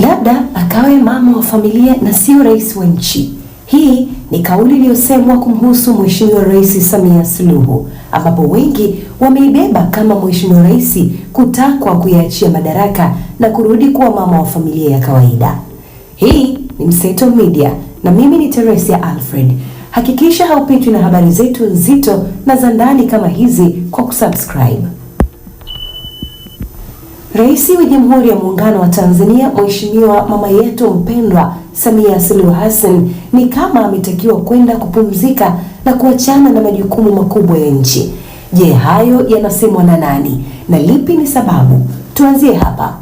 Labda akawe mama wa familia na sio rais wa nchi. Hii ni kauli iliyosemwa kumhusu Mheshimiwa Rais Samia Suluhu, ambapo wengi wameibeba kama Mheshimiwa Rais kutakwa kuyaachia madaraka na kurudi kuwa mama wa familia ya kawaida. Hii ni Mseto Media na mimi ni Teresia Alfred. Hakikisha haupitwi na habari zetu nzito na za ndani kama hizi kwa kusubscribe. Rais wa Jamhuri ya Muungano wa Tanzania Mheshimiwa mama yetu mpendwa Samia Suluhu Hassan ni kama ametakiwa kwenda kupumzika na kuachana na majukumu makubwa ya nchi. Je, hayo yanasemwa na nani na lipi ni sababu? Tuanzie hapa.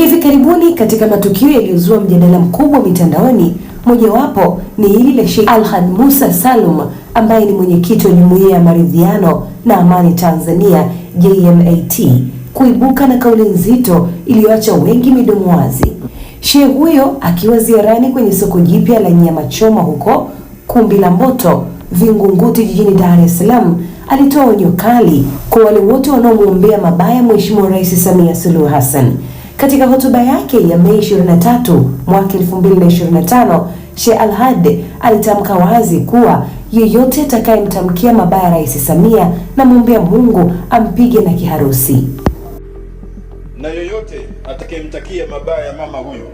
Hivi karibuni katika matukio yaliyozua mjadala mkubwa mitandaoni, mojawapo ni ile Sheikh Alhad Musa Salum ambaye ni mwenyekiti wa Jumuiya ya Maridhiano na Amani Tanzania JMAT kuibuka na kauli nzito iliyoacha wengi midomo wazi. Sheikh huyo akiwa ziarani kwenye soko jipya la nyama choma huko Kumbi la Mboto Vingunguti jijini Dar es Salaam alitoa onyo kali kwa wale wote wanaomwombea mabaya Mheshimiwa Rais Samia Suluhu Hassan. Katika hotuba yake ya Mei 23 mwaka 2025, Sheikh al alitamka wazi kuwa yeyote atakayemtamkia mabaya Rais Samia na mwombea Mungu ampige na kiharusi, na yoyote atakayemtakia mabaya mama huyo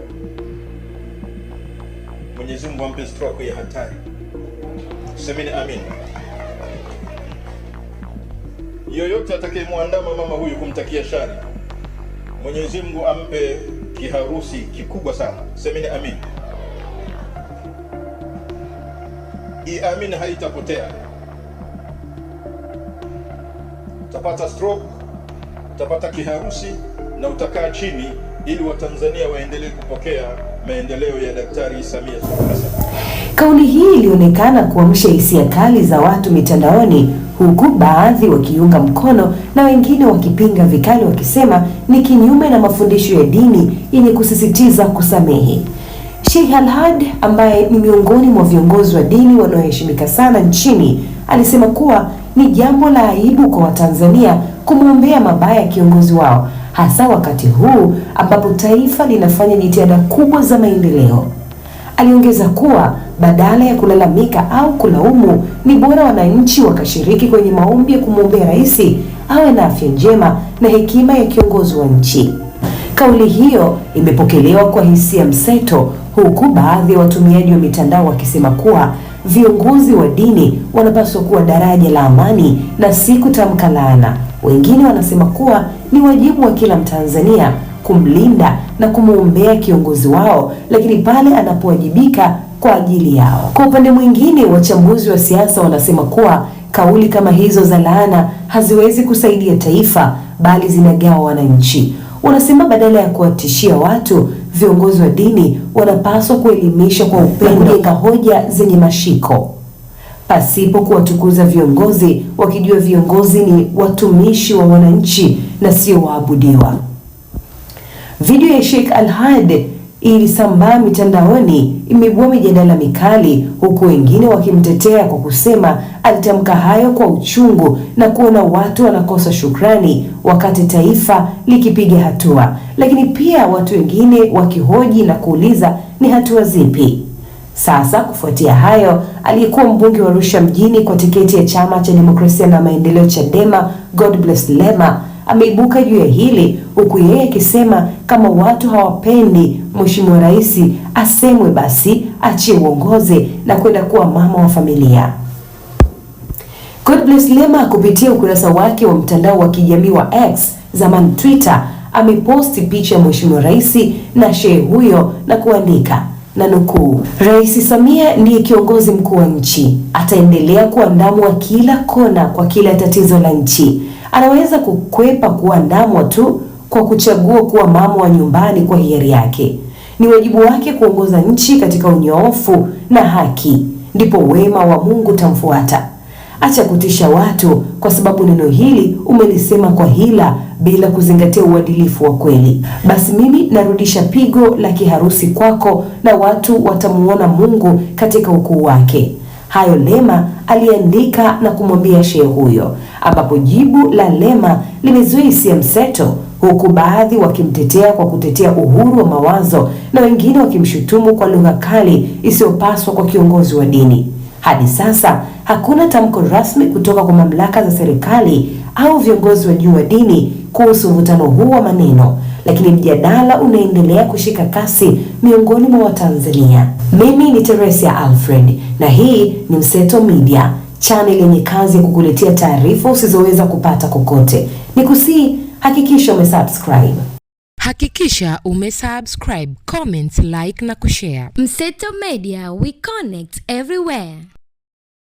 Mwenyezi Mungu ampe stroke ya hatari. Semeni amin. Yoyote atakayemwandama mama huyu kumtakia shari Mwenyezi Mungu ampe kiharusi kikubwa sana. Semeni amin. I amin haitapotea. Utapata stroke, utapata kiharusi na utakaa chini ili Watanzania waendelee kupokea maendeleo ya Daktari Samia Suluhu Hassan. Kauli hii ilionekana kuamsha hisia kali za watu mitandaoni huku baadhi wakiunga mkono na wengine wakipinga vikali wakisema ni kinyume na mafundisho ya dini yenye kusisitiza kusamehe. Sheikh Alhad ambaye ni miongoni mwa viongozi wa dini wanaoheshimika sana nchini alisema kuwa ni jambo la aibu kwa Watanzania kumwombea mabaya ya kiongozi wao hasa wakati huu ambapo taifa linafanya jitihada kubwa za maendeleo. Aliongeza kuwa badala ya kulalamika au kulaumu, ni bora wananchi wakashiriki kwenye maombi ya kumwombea rais awe na afya njema na hekima ya kiongozi wa nchi. Kauli hiyo imepokelewa kwa hisia mseto, huku baadhi ya watumiaji wa mitandao wakisema kuwa viongozi wa dini wanapaswa kuwa daraja la amani na si kutamka laana. Wengine wanasema kuwa ni wajibu wa kila Mtanzania kumlinda na kumwombea kiongozi wao, lakini pale anapowajibika kwa ajili yao. Kwa upande mwingine, wachambuzi wa siasa wanasema kuwa kauli kama hizo za laana haziwezi kusaidia taifa bali zinagawa wananchi. Wanasema badala ya kuwatishia watu, viongozi wa dini wanapaswa kuelimisha kwa upendo, na hoja zenye mashiko pasipo kuwatukuza viongozi, wakijua viongozi ni watumishi wa wananchi na sio waabudiwa. Video ya Sheikh Al-Hadi ilisambaa mitandaoni imeibua mijadala mikali, huku wengine wakimtetea kwa kusema alitamka hayo kwa uchungu na kuona watu wanakosa shukrani wakati taifa likipiga hatua, lakini pia watu wengine wakihoji na kuuliza ni hatua zipi? Sasa kufuatia hayo, aliyekuwa mbunge wa Arusha mjini kwa tiketi ya chama cha demokrasia na maendeleo Chadema, bless Lema ameibuka juu ya hili huku yeye akisema kama watu hawapendi Mheshimiwa Rais asemwe basi achie uongozi na kwenda kuwa mama wa familia. Godbless Lema kupitia ukurasa wake wa mtandao wa kijamii wa X zamani Twitter ameposti picha ya Mheshimiwa Rais na shehe huyo na kuandika na nukuu, Rais Samia ndiye kiongozi mkuu wa nchi, ataendelea kuwa wa kila kona kwa kila tatizo la nchi anaweza kukwepa kuandamwa tu kwa kuchagua kuwa mama wa nyumbani kwa hiari yake. Ni wajibu wake kuongoza nchi katika unyoofu na haki, ndipo wema wa Mungu utamfuata. Acha kutisha watu, kwa sababu neno hili umelisema kwa hila, bila kuzingatia uadilifu wa kweli. Basi mimi narudisha pigo la kiharusi kwako, na watu watamuona Mungu katika ukuu wake. Hayo Lema aliandika na kumwambia shehe huyo ambapo jibu la Lema limezuia hisia mseto, huku baadhi wakimtetea kwa kutetea uhuru wa mawazo na wengine wakimshutumu kwa lugha kali isiyopaswa kwa kiongozi wa dini. Hadi sasa hakuna tamko rasmi kutoka kwa mamlaka za serikali au viongozi wa juu wa dini kuhusu mvutano huu wa maneno, lakini mjadala unaendelea kushika kasi miongoni mwa Watanzania. Mimi ni Teresia Alfred na hii ni Mseto Media channel yenye kazi ya kukuletea taarifa usizoweza kupata kokote. Nikusii, hakikisha umesubscribe. Hakikisha umesubscribe, comment, like na kushare. Mseto Media, we connect everywhere.